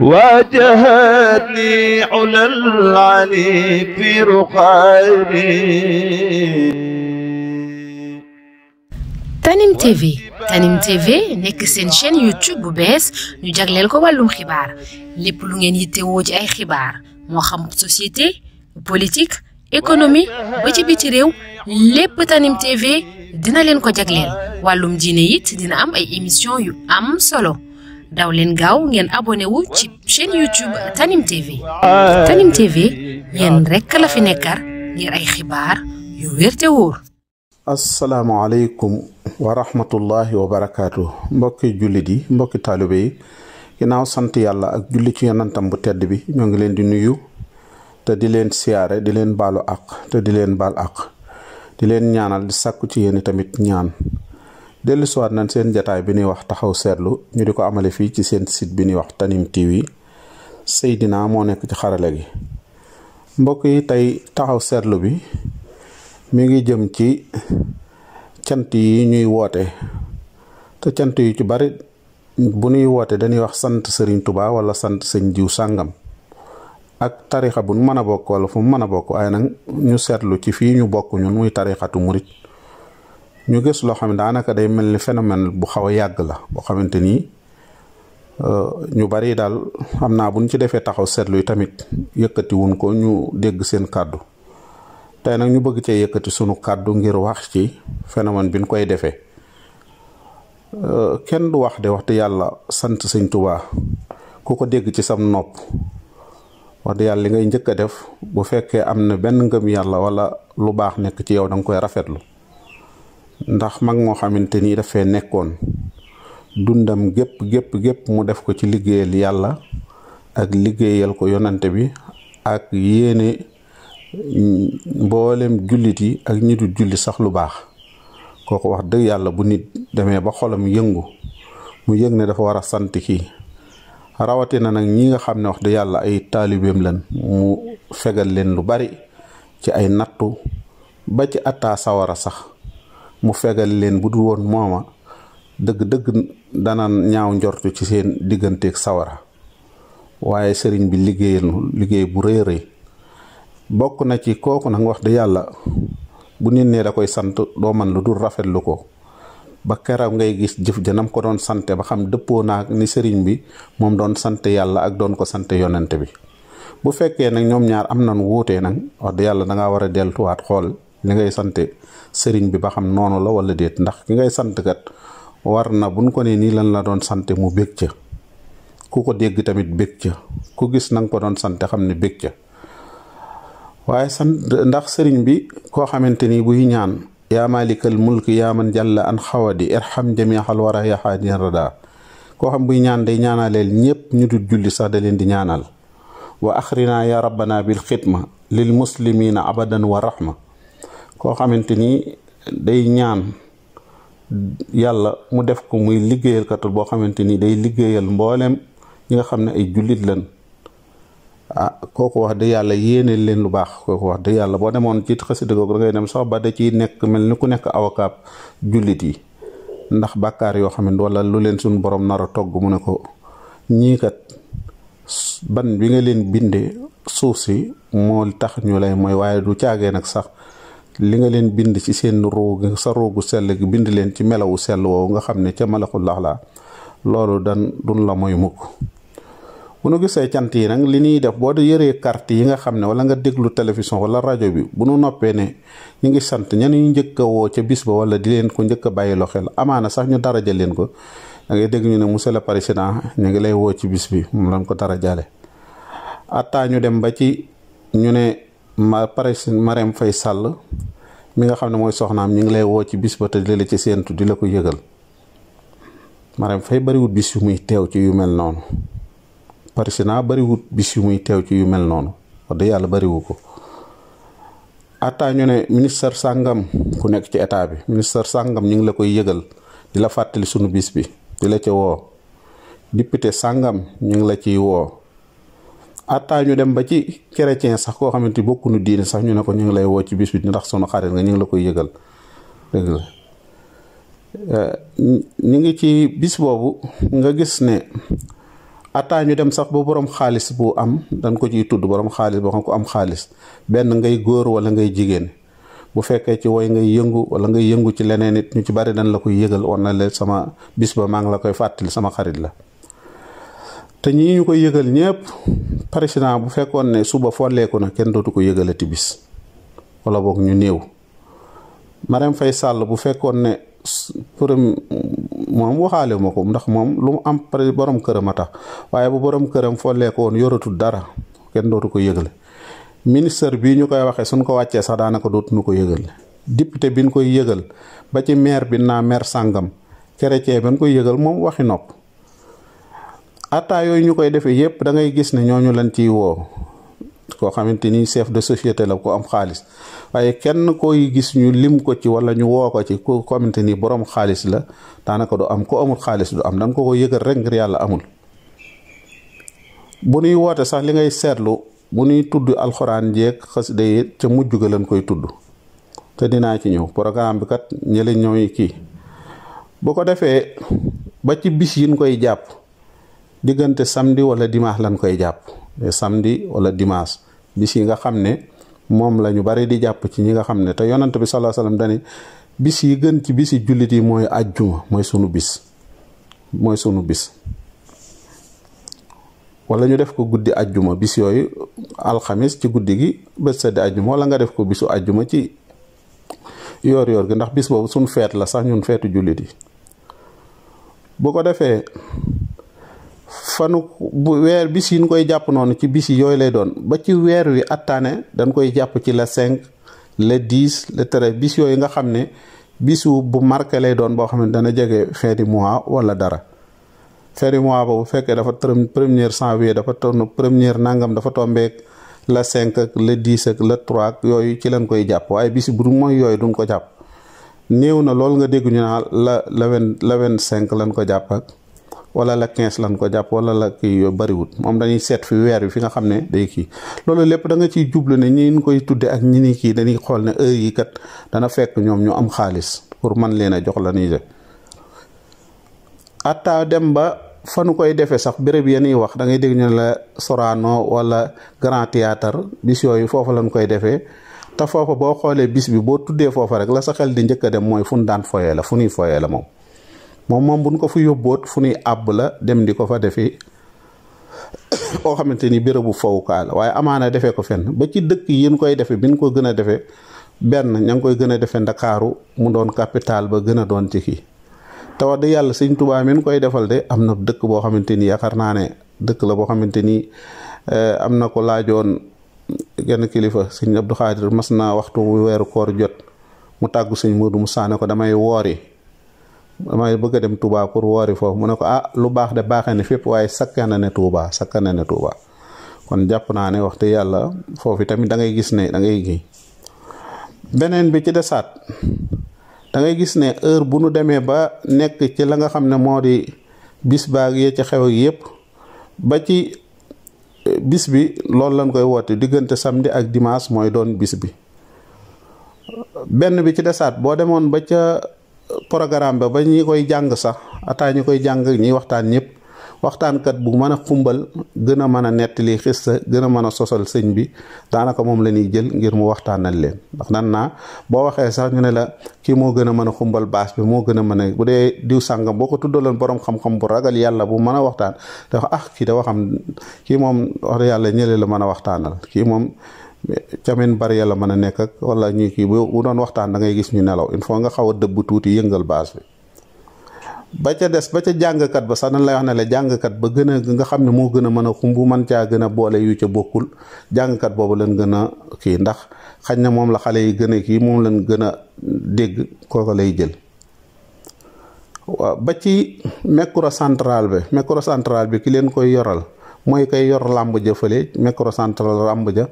واجهتني على العلي في رقابي Tanim TV nekk seen chaîne YouTube bu bees ñu jagleel ko wàllum xibaar lépp lu ngeen yittewoo ci ay xibaar moo xam société politik économie ba ci biti réew lépp Tanim TV dina leen ko jagleel wàllum diine it dina am ay émission yu am solo daw leen gaaw ngeen abonné wu ci chaîne YouTube Tanim TV Tanim TV yéen rekk la fi nekkar ngir ay xibaar yu wér wóor. asalaamaaleykum wa rahmatullahi wa mbokki jullit yi mbokki taalibe yi ginnaaw sant yàlla ak julli ci yonantam bu tedd bi ñoo ngi leen di nuyu te di leen siyaare di leen baalu àq te di leen baal ak di leen ñaanal di sakku ci yéen tamit ñaan. dellu siwaat nañ seen jataay bi ñuy wax taxaw seetlu ñu di ko amale fii ci seen site bi ñuy wax Tanime TV Seydina moo nekk ci xarale gi mbokk yi tey taxaw seetlu bi mi ngi jëm ci cant yi ñuy woote te cant yu ci bari bu nuy woote dañuy wax sant sëriñ tubaa wala sant sëñ jiw sàngam ak tarixa bu mën a bokk wala fu mu mën a bokk ay nag ñu seetlu ci fii ñu bokk ñun muy tarixatu murit ñu gis loo xam ne daanaka day mel ni phénomène bu xaw a yàgg la boo xamante ni euh, ñu bari daal xam naa bu ñu ci defee taxaw seetlu yi tamit yëkkati wuñ ko ñu dégg seen kàddu tey nag ñu bëgg cee yëkkati sunu kàddu ngir wax ci phénomène bi ñu koy defee euh, kenn du wax de wax dëgg yàlla sant sëñ Tuubaa ku ko dégg ci sam nopp wax dëgg yàlla li ngay njëkk a def bu fekkee am na benn ngëm yàlla wala lu baax nekk ci yow da nga koy rafetlu. ndax mag moo xamante ni dafee nekkoon dundam gépp gépp gépp mu def ko ci liggéeyal yàlla ak liggéeyal ko yonante bi ak yéene mboolem jullit yi ak ñi du julli sax lu baax kooku wax dëgg yàlla bu nit demee ba xolam yëngu mu yëg ne dafa war a sant kii rawatina nag ñi nga xam ne wax dëgg yàlla ay taalibeem lan mu fegal leen lu bari ci ay nattu ba ci attaa sawara sax mu fegal leen bu du woon mooma dëgg-dëgg danan ñaaw njortu ci seen digganteek sawara waaye sëriñ bi liggéeyal liggéey bu rëy rëy bokk na ci kooku nag wax dëgg yàlla bu nit nee da koy sant doo man lu dul rafetlu ko ba keroog ngay gis jëf janam ko doon sante ba xam dëppoo naag ni sëriñ bi moom doon sante yàlla ak doon ko sante yonent bi bu fekkee nag ñoom ñaar am nañu wuutee nag wax dëgg yàlla da ngaa war a delluwaat xool li ngay sante sëriñ bi ba xam noonu la wala déet ndax ki ngay sant kat war na buñ ko nee nii lan la doon sante mu bég ca ku ko dégg tamit bég ca ku gis na ko doon sante xam ne bég ca waaye sant ndax sëriñ bi koo xamante ni buy ñaan yaa malikal mulk yaa man jàlla an xawadi irham jamiixal wara yaxaadin rada koo xam buy ñaan day ñaanaleel ñépp ñu dul julli sax da leen di ñaanal wa axrina ya rabbana bil xidma lil muslimina abadan wa rahma koo xamante ni day ñaan yàlla mu def ko muy liggéeyalkatul boo xamante ni day liggéeyal mbooleem ñi nga xam ne ay jullit lan ah kooku wax dëgg yàlla yéene leen lu baax kooku wax dëgg yàlla boo demoon ci xasida googu da ngay dem sax ba da ciy nekk mel ni ku nekk avocat jullit yi ndax bàkkaar yoo xam ne wala lu leen suñu borom nar togg mu ne ko ñiikat ban bi nga leen bindee suuf si moo tax ñu lay mooy waaye du caagee nag sax li nga leen bind ci seen roog sa roogu sell gi bind leen ci melawu sell woowu nga xam ne ca malaxul laa loolu dan dun la mooy mukk bu nu gisee cant yi nag li ñuy def boo de yëree kart yi nga xam ne wala nga déglu télévision wala rajo bi bu nu noppee ne ñu ngi sant ña ñu njëkk woo ca bis ba wala di leen ko njëkk bàyyi loo xel amaana sax ñu daraja leen ko da ngay dégg ñu ne monsieur le président ñu ngi lay woo ci bis bi mu lañ ko darajaale attaa ñu ma pare si fay sàll mi nga xam ne mooy soxnaam ñu ngi lay woo ci bis ba te di la ci séentu di la koy yëgal Marème fay bariwut bis yu muy teew ci yu mel noonu président bariwut bis yu muy teew ci yu mel noonu wax dëgg yàlla bariwu ko ataa ñu ne ministère sàngam ku nekk ci état bi ministère sàngam ñu ngi la koy yëgal di la fàttali sunu bis bi di la ca woo député sàngam ñu ngi la ciy woo attaa ñu dem ba ci chrétien sax koo xamante ni bokkuñu diine sax ñu ne ko ñu ngi lay woo ci bis bi ndax sunu xarit nga ñu ngi la koy yëgal dëgg eh, ñu ngi ci bis boobu nga gis ne attaa ñu dem sax ba borom xaalis bu am dañ ko ciy tudd borom xaalis boo xam ko am xaalis benn ngay góor wala ngay jigéen bu fekkee ci woy ngay yëngu wala ngay yëngu ci leneen it ñu ci bari dañ la koy yëgal wan na leen sama bis ba maa ngi la koy fàttali sama xarit la. te ñii ñu koy yëgal ñëpp président bu fekkoon ne suba folleeku na kenn dootu ko yëgalati bis wala boog ñu néew Marème fay sàll bu fekkoon ne përëm moom waxaale ma ko ndax moom lu mu am pare borom këram a tax waaye bu borom këram folleeku yoratul dara kenn dootu ko yëgale ministre bii ñu koy waxee suñ ko wàccee sax daanaka dootuñu ko yëgal député bi koy yëgal ba ci maire bi naa maire sàngam chrétien bi ñu koy yëgal moom waxi nopp. atta yooyu ñu koy defee yépp da ngay gis ne ñooñu leen ciy woo koo xamante ni chef de société la ko am xaalis waaye kenn koy gis ñu lim ko ci wala ñu woo ko ci ko xamante ni borom xaalis la daanaka du am ko amul xaalis du am danga ko ko yëgal rek ngir yàlla amul bu nuy woote sax li ngay seetlu bu nuy tudd alxuraan jeeg xasida yi ca mujj ga lañ koy tudd te dinaa ci ñëw programme bi kat ñële ñooy kii bu ko defee ba ci bis yin koy jàpp diggante samedi wala dimanche lañ koy jàpp samedi wala dimaas bis yi nga xam ne moom lañu ñu bari di jàpp ci ñi nga xam ne te yonant bi sallallahu alayhi bis yi gën ci bis yi yi mooy ajjuma mooy sunu bis mooy sunu bis wala ñu def ko guddi ajjuma bis yooyu alxamis ci guddi gi bët sedd ajjuma wala nga def ko bisu ajjuma ci yoor yoor gi ndax bis boobu sun feet la sax ñun feetu jullit yi bu ko defee fanu bu weer bis yi koy jàpp noonu ci bis yooyu lay doon ba ci weer wi attaane dañ koy jàpp ci la cinq le dix le treize bis yooyu nga xam ne bisu bu marqué lay boo xam ne jege fin mois wala dara fin mois boobu fekkee dafa tërëm première janvier dafa tourne première nangam dafa tombeek le cinq le dix ak le trois yooyu ci lañ koy jàpp waaye bis bu mooy yooyu duñ ko jàpp néew na loolu nga dégguñu ñu naa la le vingt le vingt cinq lañ ko jàppak wala la quinze lan ko jàpp wala la kii yooyu bariwut moom dañuy seet fi weer wi fi nga xam ne day kii loolu lépp da nga ciy jublu ne ñi koy tudde ak ñi ni kii dañuy xool ne heure kat dana fekk ñoom ñu am xaalis pour man leen a jox la nii de dem ba fa nu koy defee sax béréb ya niy wax da ngay dégg la Sorano wala Grand Théâtre bis yooyu foofa lañ koy defee te foofa boo xoolee bis bi boo tuddee foofa rek la sa xel di njëkk dem mooy fu nu daan foyee la fu nuy foyee la moom moom moom buñ ko fu yóbboot fu nuy àbb la dem di ko fa defi koo xamante ni bérébu fowukaa la waaye amaana defee ko fenn ba ci dëkk yin koy bi bin ko gën a defee benn ña ngi koy gën a defee ndakaaru mu doon capital ba gën a doon ci kii te wax dëgg yàlla sëñ Tuubaa min koy defal de am na dëkk boo xamante ni yaakaar naa ne dëkk la boo xamante ni eh, am na ko laajoon genn kilifa sëñ Abdou Xaadir mas naa waxtu weeru koor jot mu tàggu sëñ du mu saane ko damay woori damay bëgg a dem Touba pour woori foofu mu ne ko ah lu baax de baaxee ne fépp waaye sakkan na ne Touba sakkan na ne Touba kon jàpp naa ne waxtu yàlla foofu tamit da ngay gis ne da ngay gi bi ci desaat da ngay gis ne heure bu nu demee ba nekk ci la nga xam ne moo di bis baag yee ci xew yëpp ba ci eh, bis bi loolu lañ koy woote diggante samdi ak dimaas mooy doon bis bi benn bi ci desaat boo demoon ba ca. programme ba ba ñi koy jàng sax ataa ñi koy jàng ñiy waxtaan ñëpp waxtaankat bu mën a xumbal gën a mën a nettali xista gën a mën a sosal sëñ bi daanaka moom la ñuy jël ngir mu waxtaanal leen ndax nan naa boo waxee sax ne la kii moo gën a mën a xumbal baas bi moo gën a mën a bu dee diw sàngam boo ko tuddaloon borom xam-xam bu ragal yàlla bu mën a waxtaan dafa ah kii da waxam kii moom wax dëgg yàlla ñële la mën a waxtaanal kii moom camin bariya la mën a nekk ak wala ñuy kii bu doon waxtaan da ngay gis ñu nelaw il faut nga xaw a dëbb tuuti yëngal baas bi ba ca des ba ca jàngkat ba sax dañ lay wax ne jàngkat ba gën a nga xam ne moo gën a mën a xumb man caa gën a boole yu ca bokkul jàngkat boobu leen gën a kii ndax xañ na moom la xale yi gën a kii moom leen gën a dégg kooku lay jël waaw ba ci microcentral bi centrale bi ki leen koy yoral mooy koy yor làmb ja fële microcentral làmb ja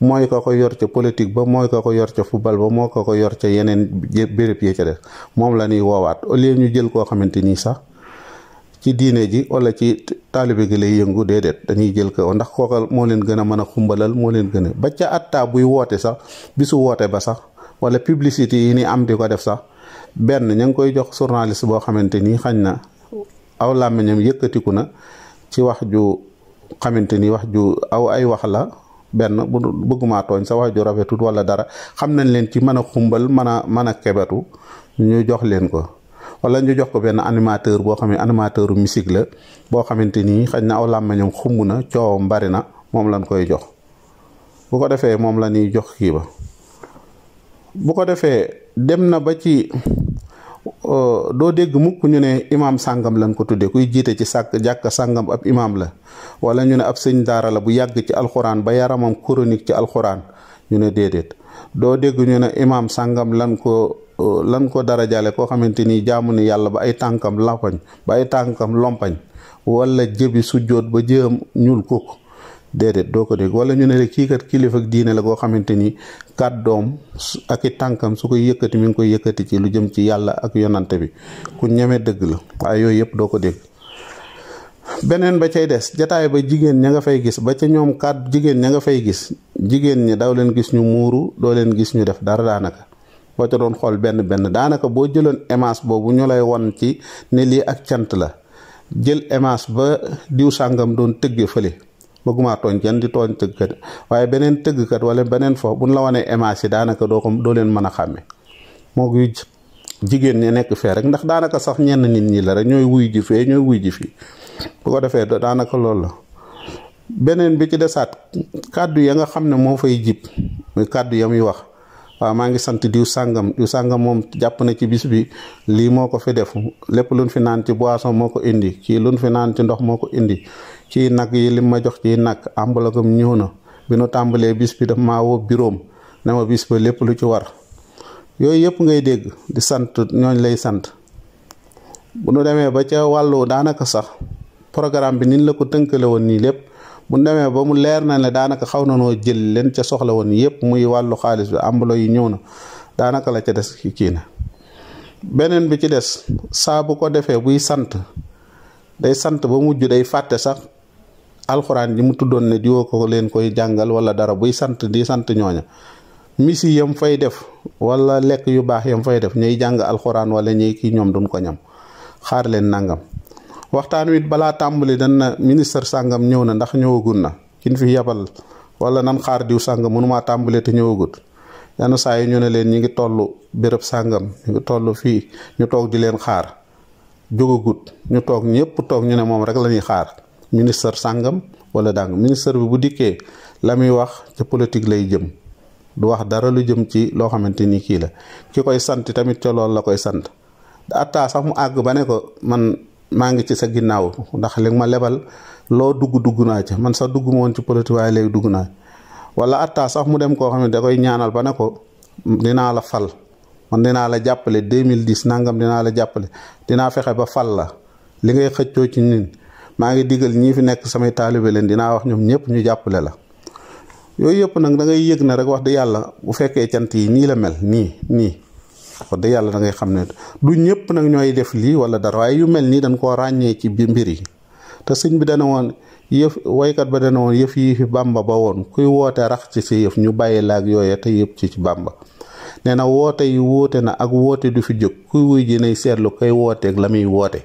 mooy ko ko yor ca politique ba mooy ko ko yor ca football ba moo ko ko yor ca yeneen béréb yi ca def moom la ñuy woowaat au lieu ñu jël koo xamante nii sax ci diine ji wala ci taalibe gi lay yëngu déedéet dañuy jël ko ndax ko moo leen gën a mën a xumbalal moo leen gën a ba ca attaa buy woote sax bisu woote ba sax wala publicité yi ni am di ko def sax benn ña ngi koy jox journaliste boo xamante ni xañ na aw làmmiñam yëkkatiku na ci wax xamante ni wax ju aw ay wax la benn bu bëggumaa tooñ sa wax ju rafetut wala dara xam nañ leen ci mën a xumbal mën a mën a kebetu ñu jox leen ko wala ñu jox ko benn animateur boo xam ne animateur musique la boo xamante ni xañ na aw làmmañam xumb na coowam bari na moom lañ koy jox bu ko defee moom la ñuy jox kii bu ko defee dem na ba ci Euh, doo dégg mukk ñu ne imaam sàngam lañ ko tudde kuy jiite ci sàkk jàkk sàngam ab imaam la wala ñu ne ab sëñ daara la bu yàgg ci alxuraan ba yaramam chronique ci alxuraan ñu ne déedéet doo dégg ñu ne imaam sàngam lan ko euh, lan ko dara jale koo xamante ni jaamu ni yàlla ba ay tànkam lampañ ba ay tànkam lompañ wala jëbi sujjóot ba jëm ñuul kukk déedéet doo ko dégg wala ñu ne rek kii kat kilifa diine la goo xamante ni kàddoom ak i tànkam su koy yëkkati mi ngi koy yëkkati ci lu jëm ci yàlla ak yonante bi ku ñemee dëgg la waaye yooyu yëpp doo ko dégg. beneen ba cay des jataay ba jigéen ña nga fay gis ba ca ñoom kàddu jigéen ña nga fay gis jigéen ñi daw leen gis ñu muuru doo leen gis ñu def dara daanaka. boo ca doon xool benn benn daanaka boo jëloon émence boobu ñu lay won ci ne lii ak cant la jël émence ba diw sàngam doon tëgge fële. bëgguma tooñ kenn di tooñ tëggkat waaye beneen tëggkat wala beneen fo buñ la wanee image yi daanaka doo ko doo leen mën a xàmme moo yu jigéen ñi nekk fee rek ndax daanaka sax ñenn nit ñii la rek ñooy wuy ji fee ñooy wuy ji fii bu ko defee daanaka loolu la beneen bi ci desaat kàddu ya nga xam ne moo fay jib muy kàddu ya muy wax waaw maa ngi sant diw sàngam diw sàngam moom jàpp na ci bis bi lii moo ko fi defu lépp luñ fi naan ci boisson moo ko indi kii luñ f naan ci ndox moo ko indi ci nag yi lim ma jox ci nag àmbalagam ñëw na bi nu tàmbalee bis bi daf maa woo biróom ne ma bis ba lépp lu ci war yooyu yëpp ngay dégg di sant ñooñ lay sant bu nu demee ba ca wàllu daanaka sax programme bi niñ la ko tënkale woon nii lépp bu nu ba mu leer na ne daanaka xaw na noo jël leen ca soxla woon yëpp muy wàllu xaalis bi ambalo yi ñëw na daanaka la ca des kii na beneen bi ci des saa bu ko defee buy sant day sant ba mujj day fàtte sax alxuraan ji mu tuddoon ne diwoo ko leen koy jàngal wala dara buy sant di sant ñooña misi yam fay def wala lekk yu baax yam fay def ñuy jàng alxuraan wala ñuy kii ñoom duñ ko ñam xaar leen nangam waxtaan wit balaa tàmbali dan na ministre sàngam ñëw na ndax ñëwagut na kin fi yabal wala nan xaar diw sàngam mënumaa tàmbali te ñëwagut yanu saa yi ñu ne leen ñu ngi tollu béréb sàngam ñu ngi toll fii ñu toog di leen xaar jógagut ñu toog ñëpp toog ñu ne moom rek la ñuy xaar ministre sàngam wala dàngam ministre bi bu dikkee la muy wax ca politique lay jëm du wax dara lu jëm ci loo xamante ni kii la ki koy sant tamit ca loolu la koy sant atta sax mu àgg ba ne ko man maa ngi ci sa ginnaaw ndax li ma lebal loo dugg dugg naa ca man sax dugg ma woon ci politique waaye léegi dugg naa wala atta sax mu dem koo xam ne da koy ñaanal ba ne ko dinaa la fal man dinaa la jàppale mille 2010 nangam dinaa la jàppale dinaa fexe ba fal la li ngay xëccoo ci nit maa ngi digal ñii fi nekk samay taalibe leen dinaa wax ñoom ñëpp ñu jàppale la yooyu yëpp nag da ngay yëg na rek wax dëgg yàlla bu fekkee cant yi nii la mel nii nii wax dëgg yàlla da ngay xam ne du ñëpp nag ñooy def lii wala dara waaye yu mel nii dañ koo ràññee ci biir mbir yi te sëñ bi dana woon yëf woykat ba dana woon yëf yi fi bàmba ba woon kuy woote rax ci sa yëf ñu bàyyi laag yooya te yëpp ci ci bàmba nee na woote yi woote na ak woote du fi jóg kuy wuy ji seetlu kay wooteeg la muy woote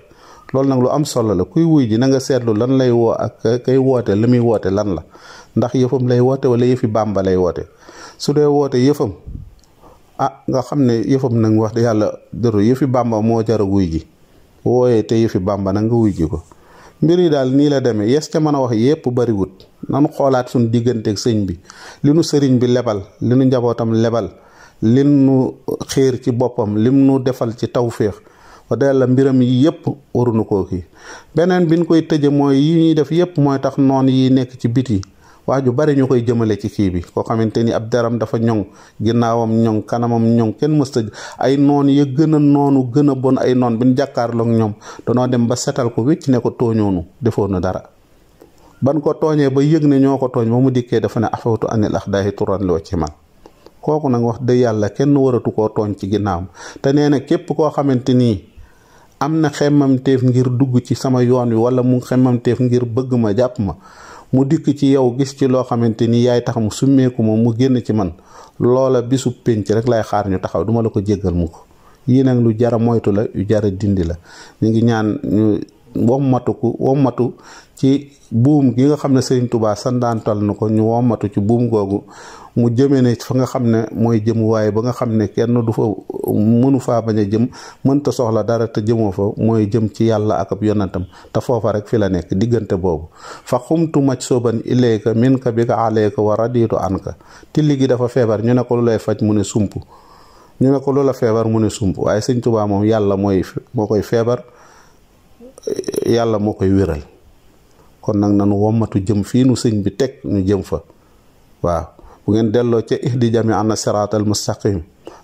loolu nag lu am solo la kuy wuy ji nanga seetlu lan lay woo ak kay woote la muy woote lan la ndax yëfam lay woote wala yëfi bàmba lay woote su dee woote yëfam ah nga xam ne yëfam nag wax dëgg yàlla dëru yëfi bàmba moo jar a wuy ji te yëfi bàmba nag nga wuy ji ko mbir yi daal nii la demee yes ca mën a wax yépp bariwut nanu xoolaat suñ digganteeg sëñ bi li nu sëriñ bi lebal li nu njabootam lebal li nu xiir ci boppam lim nu defal ci tawféex wax dëgg mbiram yi yëpp waruñu koo kii beneen bi ñu koy tëje mooy yi ñuy def yëpp mooy tax noon yi nekk ci biti wax ju bari ñu koy jëmale ci kii bi koo xamante ni ab daram dafa ñoŋ ginnaawam ñoŋ kanamam ñoŋ kenn mësta ay noon ya gën gën bon ay noon bi ñu jàkkaarloog ñoom danoo dem ba setal ko wécc ne ko tooñoonu defoonu dara ban ko tooñee ba yëg ne ñoo ko tooñ ba mu dikkee dafa ne afawtu anil ax daayi turan loo ci man kooku nag wax dëgg yàlla kenn waratu koo tooñ ci ginnaawam te nee képp koo xamante nii am na xemmamteef ngir dugg ci sama yoon wi wala mu xemmamteef ngir bëgg ma jàpp ma mu dikk ci yow gis ci loo xamante ni yaay tax mu summeeku ma mu génn ci man loola bisu pénc rek lay xaar ñu taxaw duma la ko jéggal mu ko yii nag lu jara moytu la yu jara dindi la ñu ngi ñaan ñu wommatu ku matu ci buum gi nga xam ne Sëriñ Tubaa sandaantal na ko ñu wommatu ci buum googu mu jëme ne fa nga xam ne mooy jëmuwaay ba nga xam ne kenn du fa mënu faa bañ a jëm mënta soxla dara te jëmoo fa mooy jëm ci yàlla ak ab yonantam te foofa rek fi la nekk diggante boobu fa xumtu maj soban ilayka min ka bi ka alayka wa raditu an ka tilli gi dafa feebar ñu ne ko lu lay faj mu ne sump ñu ne ko lu la feebar mu ne sump waaye Sëriñ Tubaa moom yàlla mooy moo koy feebar yàlla moo koy wéral kon nag nanu wommatu jëm fii nu sëñ bi teg ñu jëm fa waaw bu ngeen delloo ci ca ihdi jami ana siraatal mustaqim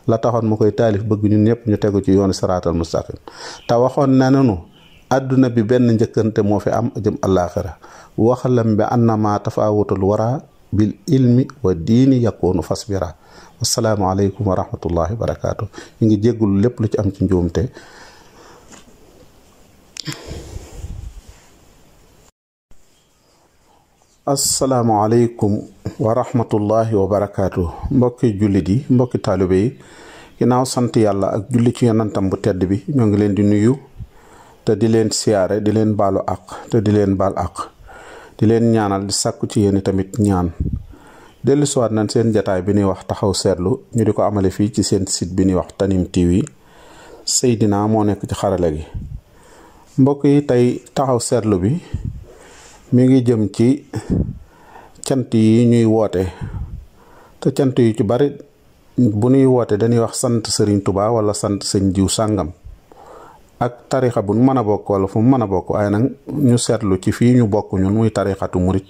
la taxoon ma koy taalif bëgg ñu ñëpp ñu tegu ci yoonu siraatal mustaqim te waxoon na nanu àdduna bi benn njëkkante moo fi am jëm àllaaxira waxalam bi na annama tafaawutul wara bil ilmi wa diini yakkoonu fasbira wassalaamu aleykum wa rahmatullahi wa barakaatu ñu ngi jéggul lépp lu ci am ci njuumte asalaamualeykum wa rahmatullahi wa barakaatu mbokki jullit yi mbokki taalibe yi ginnaaw sant yàlla ak julli ci yonantam bu tedd bi ñoo ngi leen di nuyu te di leen siyaare di leen baalu àq te di leen baal àq di leen ñaanal di sàkku ci yéen tamit ñaan dellu siwaat nañ seen jataay bi ñuy wax taxaw seetlu ñu di ko amale fii ci seen site bi ñuy wax Tanime TV Seydina moo nekk ci xarale gi mbokk yi tey taxaw seetlu bi mi ngi jëm ci cant yi ñuy woote te cant yu ci bari bu ñuy woote dañuy wax sant sëriñ tubaa wala sant sëñ jiw sàngam ak tarixa bu ñu mën a bokk wala fu mu mën a bokk waaye nag ñu seetlu ci fii ñu bokk ñun muy tarixatu murit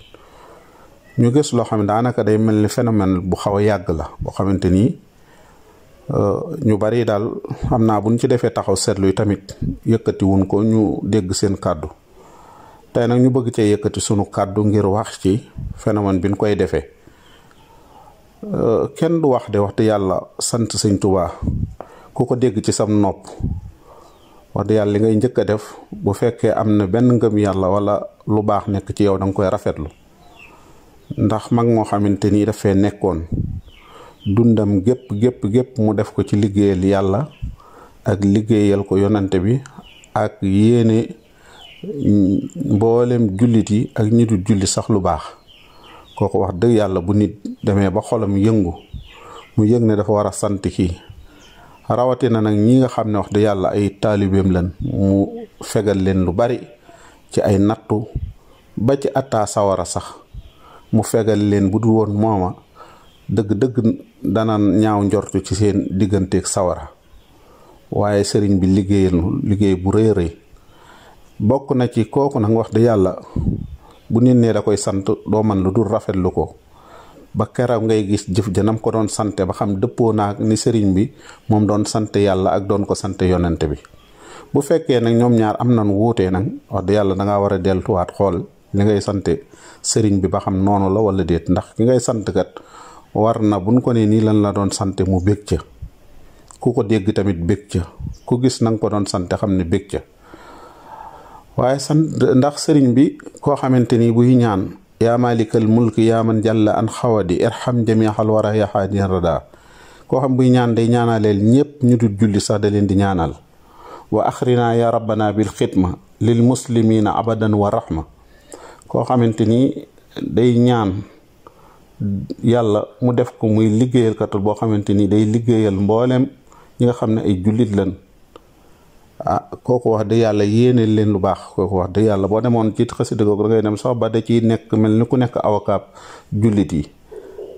ñu gis loo xam ne daanaka day mel ni phénomène bu xaw a yàgg la boo xamante ni euh, ñu bari daal xam naa bu ñu ci defee taxaw seetlu yi tamit yëkkati wuñ ko ñu dégg seen kàddu tey nag ñu bëgg cee yëkkati sunu kàddu ngir wax ci phénomène bi ñu koy defee euh, kenn du wax de wax yàlla sant sëñ tubaa ku ko dégg ci sam nopp wax yàlla li ngay njëkk a def bu fekkee am na benn ngëm yàlla wala lu baax nekk ci yow danga nga koy rafetlu ndax mag moo xamante ni dafee nekkoon dundam gépp gépp gépp mu def ko ci liggéeyal yàlla ak liggéeyal ko yonante bi ak yéene mboolem jullit yi ak ñi du julli sax lu baax kooku wax dëgg yàlla bu nit demee ba xolam yëngu mu yëg ne dafa war a sant kii rawatina nag ñi nga xam ne wax dëgg yàlla ay taalibeem lan mu fegal leen lu bari ci ay nattu ba ci attaa sawara sax mu fegal leen bu dul woon mooma dëgg-dëgg dana ñaaw njortu ci seen digganteeg sawara waaye sëriñ bi liggéey liggéey bu rëy rëy bokk na ci kooku nag wax de yàlla bu nit nee da koy sant doo man lu dul rafetlu ko ba keroog ngay gis jëf janam ko doon sante ba xam dëppoo naa ni sëriñ bi moom doon sante yàlla ak doon ko sante yonent bi bu fekkee nag ñoom ñaar am nañ wuutee nag wax de yàlla da ngaa war a deltuwaat xool li ngay sante sëriñ bi ba xam noonu la wala déet ndax ngay sant war na buñ ko ne nii lan la doon sante mu bég ca ku ko dégg tamit bég ca ku gis na ko doon sante xam ne bég ca waaye sant ndax sëriñ bi koo xamante ni buy ñaan yaa malikal mulk yaa man jàlla an xawadi irham jamiixal wara yaxaadin rada koo xam buy ñaan day ñaanaleel ñépp ñu dul julli sax da leen di ñaanal wa axrina ya rabbana bil xidma lil muslimina abadan wa rahma koo xamante ni day ñaan yàlla mu def ko muy liggéeyalkatul boo xamante ni day liggéeyal mbooleem ñu nga xam ne ay jullit lan ah kooku wax dëgg yàlla yéene leen lu baax kooku wax dëgg yàlla boo demoon ci xasida googu da ngay dem sax ba da ciy nekk mel ni ku nekk awakaab jullit yi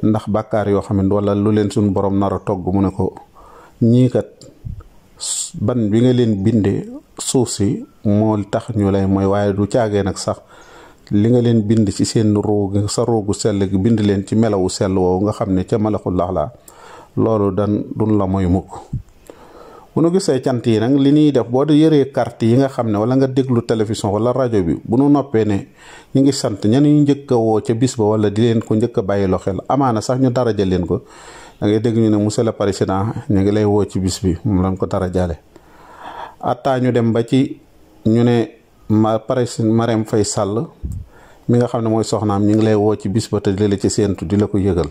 ndax bàkkaar yoo xam ne lu leen suñ borom nar togg mu ne ko ñii kat ban bi nga leen bindee suuf si moo tax ñu lay mooy waaye du caagee nag sax li nga leen bind ci seen roogu sa roogu sell gi bind leen ci melowu sell woowu nga xam ne ca malaxul laxlaa loolu dan duñ la mooy mukk bu nu gisee cant yi nag li ñuy def boo di yëree carte yi nga xam ne wala nga déglu télévision wala rajo bi bu nu noppee ne ñu ngi sant ña ñuy njëkk woo ca bis ba wala di leen ko njëkk a bàyyi loo xel amaana sax ñu daraja leen ko da ngay dégg ñu ne monsieur le président ñu ngi lay woo ci bis moom lañ ko darajale attaa ñu dem ba ci ñu ne ma pare Marème fay Sall mi nga xam ne mooy soxnaam ñu ngi lay woo ci bis ba te di la ci séentu di la ko yëgal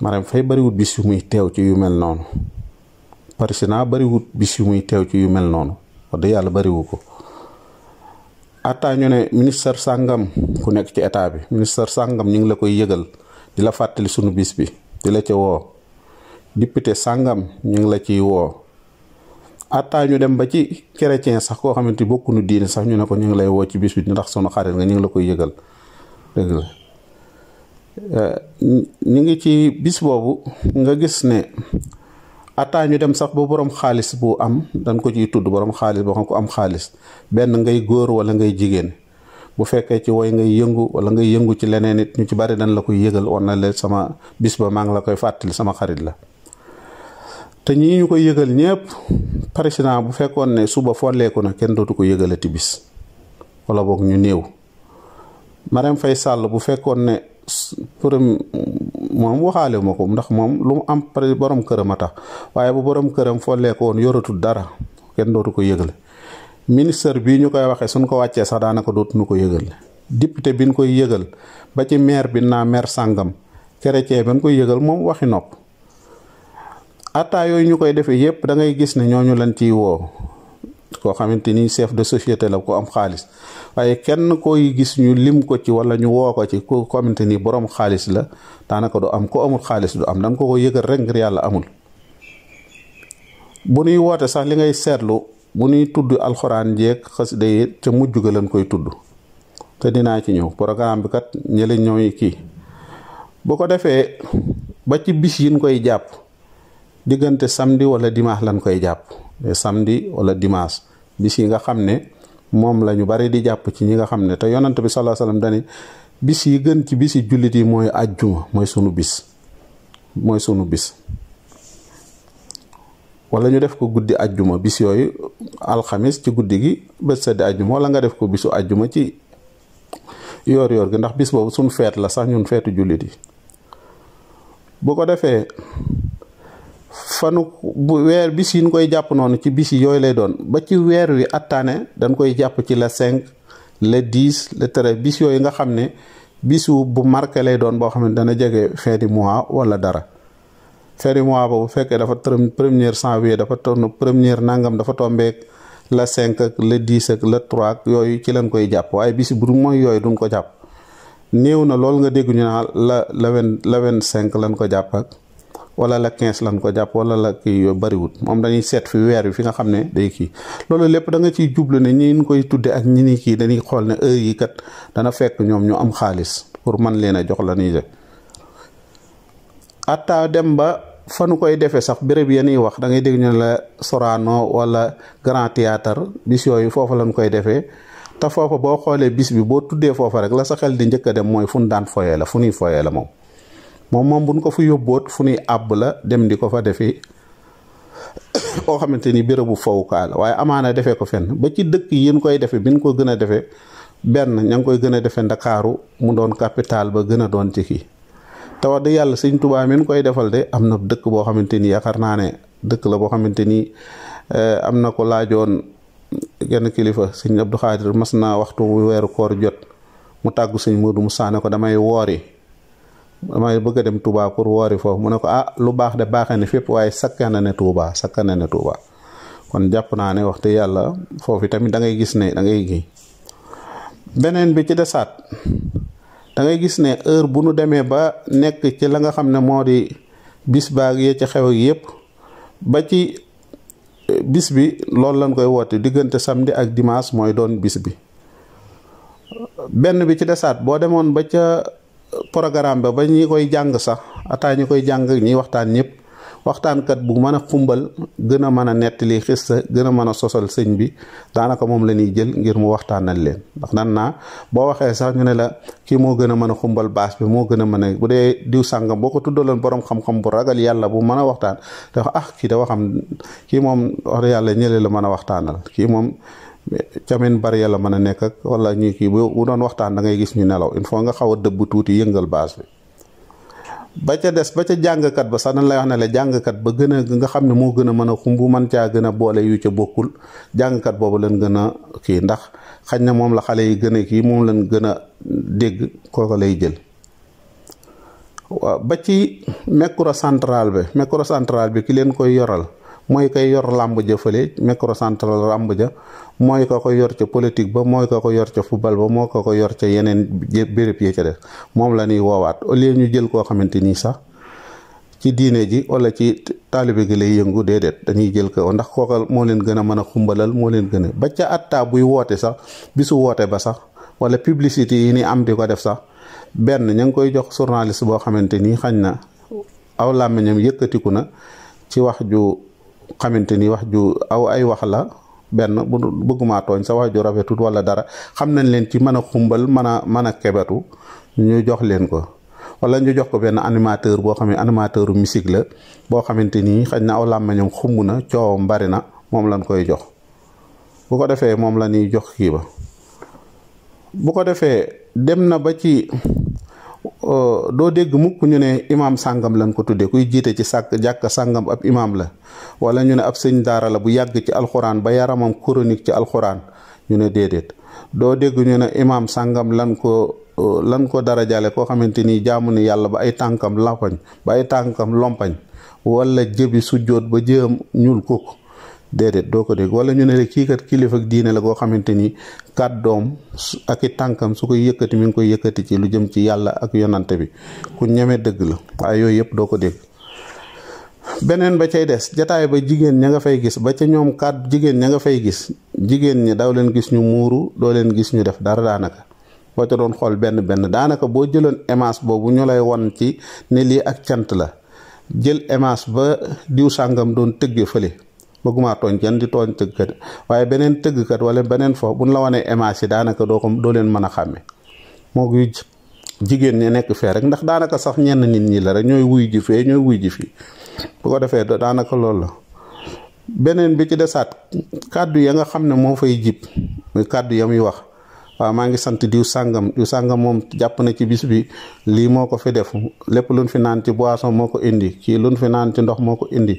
Marème fay bariwul bis yu muy teew ci yu mel noonu président bariwut bis yu muy teew ci yu mel noonu wax dëgg yàlla bariwu ko ataa ñu ne ministère sàngam ku nekk ci état bi ministère sàngam ñu ngi la koy yëgal di la fàttali sunu bis bi di la ca woo député sàngam ñu ngi la ciy woo ataa ñu dem ba ci chrétien sax koo xamante bokkuñu diine sax ñu ne ko ñu ngi lay woo ci bis bi ndax sunu xarit nga ñu ngi la koy yëgal dëgg euh, ñu ngi ci bis boobu nga gis ne ataa ñu dem sax ba boroom xaalis bu am dañ ko ciy tudd boroom xaalis boo xam ko am xaalis benn ngay góor wala ngay jigéen bu fekkee ci woy ngay yëngu wala ngay yëngu ci leneen it ñu ci bari dañ la koy yëgal war na leen sama bis ba maa ngi la koy fàttali sama xarit la. te ñii ñu koy yëgal ñëpp président bu fekkoon ne suba folleeku na kenn dootu ko yëgalati bis wala boog ñu néew Marème Faye Sall bu fekkoon ne. përëm moom waxaale ma ko ndax moom lu mu am pare borom këram a tax waaye bu borom këram follee ko woon yoratul dara kenn dootu ko yëgal ministre bii ñu koy waxee suñ ko wàccee sax daanaka dootuñu ko yëgal député bi ñu koy yëgal ba ci maire bi naa maire sàngam cere chrétien ban koy yëgal moom waxi nopp atta yooyu ñu koy defee yépp da ngay gis ne ñooñu leen ciy woo koo xamante ni chef de société la ko am xaalis waaye kenn koy gis ñu lim ko ci wala ñu woo ko ci ku xamante ni borom xaalis la daanaka du am ko amul xaalis du am da ko ko yëgal rek ngir yàlla amul. bu nuy woote sax li ngay seetlu bu nuy tudd alxuraan jeeg xasida yi ca mujj ga lañ koy tudd te dinaa ci ñëw programme bi kat ñëw ñooy kii bu ko defee ba ci bis yin koy jàpp diggante samedi wala dimanche lañ koy jàpp samedi wala dimaas bis yi nga xam ne moom la ñu bari di jàpp ci ñi nga xam ne te yonant bi salaa salaam dani bis yi gën ci bis yi jullit yi mooy ajjuma mooy sunu bis mooy sunu bis wala ñu def ko guddi ajjuma bis yooyu alxamis ci guddi gi ba sedd ajjuma walla nga def ko bisu ajjuma ci yoor yoor gi ndax bis boobu suñ feet la sax ñun feetu jullit yi bu ko defee fanu bu weer bis yi koy jàpp noonu ci bis yooyu lay doon ba ci weer wi attaane dañ koy jàpp ci la cinq le dix le treize bis yooyu nga xam ne bisu bu marqué lay boo xam ne dana jege fin mois wala dara fin mois boobu fekkee dafa tërëm première janvier dafa tourne première nangam dafa tombeek la cinq le dix le trois yooyu ci lañ koy jàpp waaye bis bu mooy yooyu duñ ko jàpp néew na loolu nga dégguñu ñu naa la la vingt la vingt cinq lañ ko jàpp ak wala la quinze lan ko jàpp wala la kii yooyu bariwut moom dañuy seet fi weer bi fi nga xam ne day kii loolu lépp da nga ciy jublu ne ñi koy tudde ak ñi ni kii dañuy xool ne heure kat dana fekk ñoom ñu am xaalis pour man leen a jox la ñuy dem ba fa nu koy defee sax béréb ya ñuy wax da ngay dégg ñu la soraano wala Grand Théâtre bis yooyu foofa lañ koy defee te foofa boo xoolee bis bi boo tuddee foofa rek la sa xel di njëkk dem mooy fu nu daan foyee la fu nuy foyee la moom moom moom buñ ko fu yóbboot fu ñuy àbb la dem di ko fa defee koo xamante ni bérébu fowukaa la waaye amaana defee ko fenn ba ci dëkk yi koy defee bi ñu ko gën a defee benn ña ngi koy gën a defee ndakaaru mu doon capital ba gën a doon ci kii te wax dëgg yàlla siñ Tuubaa mi ñu koy defal de am na dëkk boo xamante ni yaakaar naa ne dëkk la boo xamante ni eh, am na ko laajoon genn kilifa sëñ Abdou Khadir mas naa waxtu weeru koor jot mu tàggu sëñ Moodu du ne ko damay woori maa bëgg a dem Touba pour woori foofu mu ne ko ah lu baax de baaxe ne fépp waaye sakka na ne Touba sakka na ne Touba kon jàpp naa ne waxte yàlla foofu tamit da ngay gis ne da ngay gi beneen bi ci desaat da ngay gis ne heure bu nu demee ba nekk ci la nga xam ne moo di bis baa yee ci xew yëpp ba ci eh, bis bi loolu lañ koy woote diggante samedi ak dimaas mooy doon bis bi benn bi ci desaat boo demoon ba ca. programme ba ba ñi koy jàng sax ataa ñi koy jàng ñiy waxtaan ñëpp waxtaankat bu mën a xumbal gën a mën a nettali xista gën a mën a sosal sëñ bi daanaka moom la ñuy jël ngir mu waxtaanal leen ndax nan naa boo waxee sax ñu ne la kii moo gën a mën a xumbal baas bi moo gën a mën a bu dee diw sàngam boo ko tuddaloon borom xam-xam bu ragal yàlla bu mën a waxtaan te ah kii dafa xam kii moom wax yàlla ñële la mën a waxtaanal kii moom ca men bari la mën a nekk ak wala ñuy kii bu doon waxtaan da ngay gis ñu nelaw il faut nga xaw a dëbb tuuti yëngal base bi ba ca des ba ca jàngkat ba sax dañ lay wax ne la jàngkat ba gën a nga xam ne moo gën a mën a xumb man caa gën a boole yu ca bokkul jàngkat boobu leen gën a kii ndax xañ na moom la xale yi gën a kii moom leen gën a dégg kooka lay jël waaw ba ci micro central bi micro central bi ki leen koy yoral mooy koy yor làmb ja fële microcentral làmb ja mooy ko ko yor ca politique ba mooy ko ko yor ca football ba moo ko ko yor ca yeneen béréb yi ca def moom la ñuy woowaat au lieu ñu jël koo xamante nii sax ci diine ji wala ci taalibe gi lay yëngu déedéet dañuy jël ko ndax kooka moo leen gën a mën a xumbalal moo leen gën a ba ca atta buy woote sax bisu woote ba sax wala publicité yi ni am di ko def sax benn ña ngi koy jox journaliste boo xamante nii xañ na aw làmmiñam yëkkatiku na ci wax xamante ni wax ju aw ay wax la benn bu bëggumaa tooñ sa wax ju rafetut wala dara xam nañ leen ci mën a xumbal mën a mën a kebetu ñu jox leen ko wala ñu jox ko benn animateur boo xam ne animateur musique la boo xamante ni xëy na aw làmmañam xumb na coowam bari na moom lañ koy jox bu ko defee moom la ñuy jox kii bu ko defee dem na ba ci Euh, doo dégg mukk ñu ne imaam sàngam lañ ko tuddee kuy jiite ci sàkk jàkk sàngam ab imaam la wala ñu ne ab sëñ daara la bu yàgg ci alxuraan ba yaramam chronique ci alxuraan ñu ne déedéet doo dégg ñu ne imaam sàngam lan ko euh, lan ko dara jale koo xamante ni jaamu ni yàlla ba ay tànkam lampañ ba ay tànkam lompañ wala jëbi sujjóot ba jëm ñuul kooku déedéet doo ko dégg wala ñu ne rek kii kat kilifa diine la goo xamante ni doom ak i tànkam su koy yëkkati mi ngi koy yëkkati ci lu jëm ci yàlla ak yonante bi ku ñemee dëgg la waaye yooyu yëpp doo ko dégg. beneen ba cay des jataay ba jigéen ña nga fay gis ba ca ñoom kàddu jigéen ña nga fay gis jigéen ñi daw leen gis ñu muuru doo leen gis ñu def dara daanaka. boo ca doon xool benn benn daanaka boo jëloon émence boobu ñu lay won ci ne lii ak cant la jël émence ba diw sàngam doon tëgge fële bëggumaa tooñ kenn di tooñ tëggkat waaye beneen tëggkat wala beneen fo buñ la wanee émage yi daanaka doo ko doo leen mën a xàmme moo yu jigéen ñi nekk fee rek ndax daanaka sax ñenn nit ñi la rek ñooy wuy ji fee ñooy wuy ji fii bu ko defee daanaka loolu la beneen bi ci desaat kàddu ya nga xam ne moo fay jib muy kàddu ya muy wax waaw maa ngi sant diw sàngam diw sàngam moom jàpp na ci bis bi lii moo ko fi def lépp luñ fi naan ci boisson moo ko indi kii luñ fi naan ci ndox moo ko indi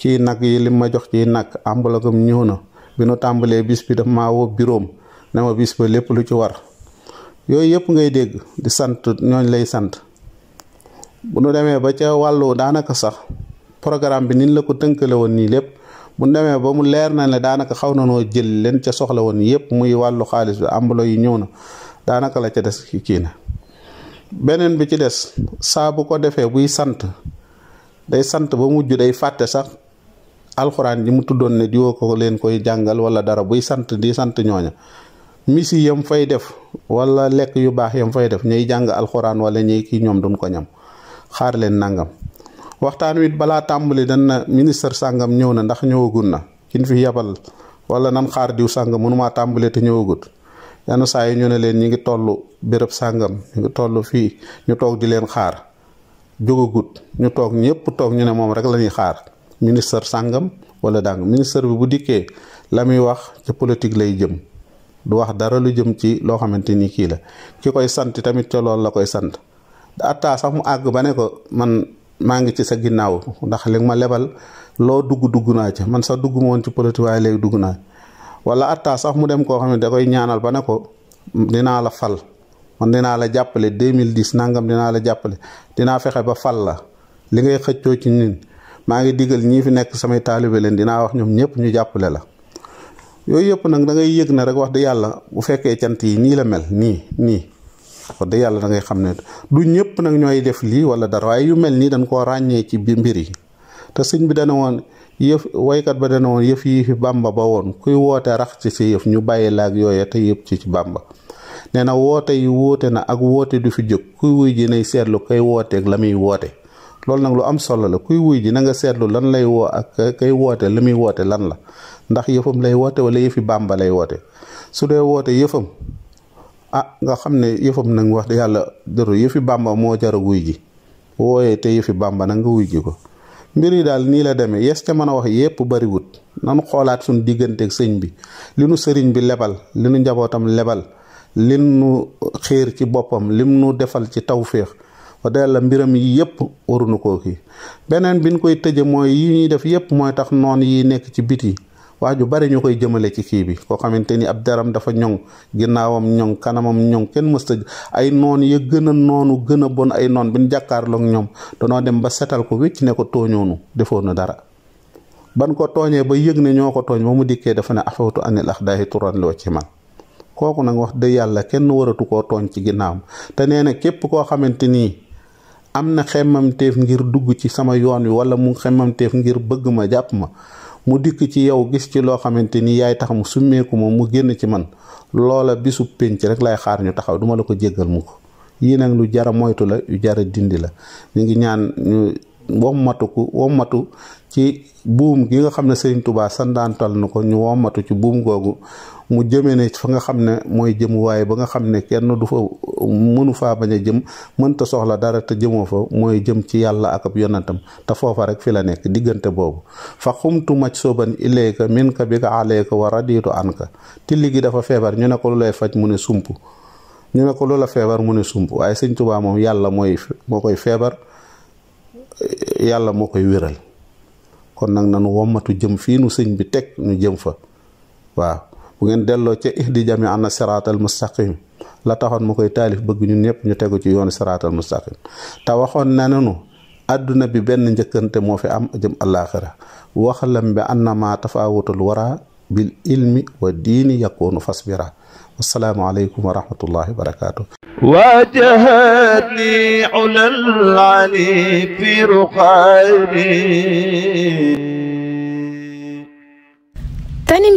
kii nag yi lim ma jox kii nag ambalagam ñëw na bi nu tàmbalee bis bi daf maa woo biroom ne ma bis ba lépp lu ci war yooyu yëpp ngay dégg di sant ñooñ lay sant bu nu demee ba ca wàllu daanaka sax programme bi niñ la ko tënkale woon nii lépp bu demee ba mu leer na ne daanaka xaw na noo jël leen ca soxla woon yépp muy wàllu xaalis bi ambalo yi ñëw na daanaka la ca des kii na beneen bi ci des saa bu ko defee buy sant day sant ba mujj day fàtte sax alxuraan ji mu tuddoon ne diwoo ko leen koy jàngal wala dara buy sant di sant ñooña misi yam fay def wala lekk yu baax yam fay def ñuy jàng alxuraan wala ñuy kii ñoom duñ ko ñam xaar leen nangam waxtaan wit balaa tàmbali dan na ministre sàngam ñëw na ndax ñëwagut na kin fi yabal wala nan xaar diw sàngam mënumaa tàmbale te ñëwagut yenn saa yi ñu ne leen ñu ngi tollu béréb sàngam ñu ngi toll fii ñu toog di leen xaar jógagut ñu toog ñëpp toog ñu ne moom rek la ñuy xaar ministre sàngam wala dàng ministre bi bu dikkee la muy wax ci politique lay jëm du wax dara lu jëm ci loo xamante ni kii la ki koy sant tamit ca loolu la koy sant atta maa ngi ci sa ginnaaw ndax li ma lebal loo dugg dugg naa ci man sax dugg moon ci politique waaye léegi dugg naa wala atta sax mu dem koo xam ne da koy ñaanal ba ne ko dinaa la fal man dinaa la jàppale 2010 nangam dinaa la jàppale dinaa fexe ba fal la li ngay xëccoo ci ñun maa ngi digal ñii fi nekk samay taalibe leen dinaa wax ñoom ñëpp ñu jàppale la. yooyu yëpp nag dangay ngay yëg ne rek wax di yàlla bu fekkee cant yi nii la mel nii nii wax dëgg yàlla da ngay xam ne du ñëpp nag ñooy def lii wala dara waaye yu mel nii dañ koo ràññee ci bi mbir yi te sëñ bi dana woon yëf waykat ba dana woon yëf yi fi bàmba ba woon kuy woote rax ci sa yëf ñu bàyyi ak yooya te yëpp ci ci bàmba nee na woote yi woote na ak woote du fi jóg kuy wuy ji nay seetlu koy wooteeg la muy woote loolu nag lu am solo la kuy wuy ji na nga seetlu lan lay woo ak kay woote la muy woote lan la ndax yëfam lay woote wala yëfi bàmba lay woote su ah nga xam ne yëfam nag wax de yàlla dëru yëfi bàmba moo jar a wuy ji wooyee te yëfi bàmba nag nga wuy ji ko mbir yi daal nii la demee yes ca mën a wax yépp bariwut nanu xoolaat suñ digganteeg sëñ bi li nu sëriñ bi lebal li nu njabootam lebal li nu xiir ci boppam lim nu defal ci tawféex wax dëgg yàlla mbiram yi yépp waruñu koo kii beneen bi ñu koy tëje mooy yi ñuy def yépp mooy tax noon yi nekk ci biti waa ju bari ñoo koy jëmale ci kii bi koo xamante ni ab deram dafa ñoŋ ginnaawam ñoŋ kanamam ñoŋ kenn mësta ay noon ya gën a noonu gën a bon ay noon bi ñu jàkkaarloog ñoom danoo dem ba setal ko wécc ne ko tooñoonu defoonu dara ban ko tooñee ba yëg ne ñoo ko tooñ ba mu dikkee dafa ne afawtu anil ax daayi turan ci man kooku nag wax dëgg yàlla kenn waratu koo tooñ ci ginnaawam te nee na képp koo xamante nii am na xemmamteef ngir dugg ci sama yoon wi wala mu xemmamteef ngir bëgg ma jàpp ma mu dikk ci yow gis ci loo xamante ni yaay tax mu summeeku moom mu génn ci man loola bisu pénc rek lay xaar ñu taxaw duma la ko jéggal mu ko yii nag lu jara moytu la yu jara dindi la ñu ngi ñaan ñu wommatu ku matu ci buum gi nga xam ne Sëriñ Tubaa sandaantal na ko ñu matu ci buum googu mu jëmee ne fa nga xam ne mooy jëm waaye ba nga xam ne kenn du fa mënu faa bañ a jëm mënta soxla dara te jëmoo fa mooy jëm ci yàlla ak ab yonantam te foofa rek fi la nekk diggante boobu fa xumtu maj soban ilayka min ka bi ka alayka wa raditu an ka tilli gi dafa feebar ñu ne ko lu lay faj mu ne sump ñu ne ko lu la feebar mu ne sump waaye sëñ Tuubaa moom yàlla mooy moo koy feebar yàlla moo koy wéral kon nag nanu wommatu jëm fii nu sëñ bi teg ñu jëm bu ngeen delloo ca ihdi jami anna siraatal mustaqim la taxoon mu koy taalif bëgg ñun ñëpp ñu tegu ci yoonu siraatal mustaqim te waxoon na nanu àdduna bi benn njëkkante moo fi am jëm àllaaxira waxlam bi annama tafaawutul wara bil ilmi wa diini yakunu fasbira wassalaamu aleykum wa rahmatullahi wa barakaatu ali fi ruqaari Tanim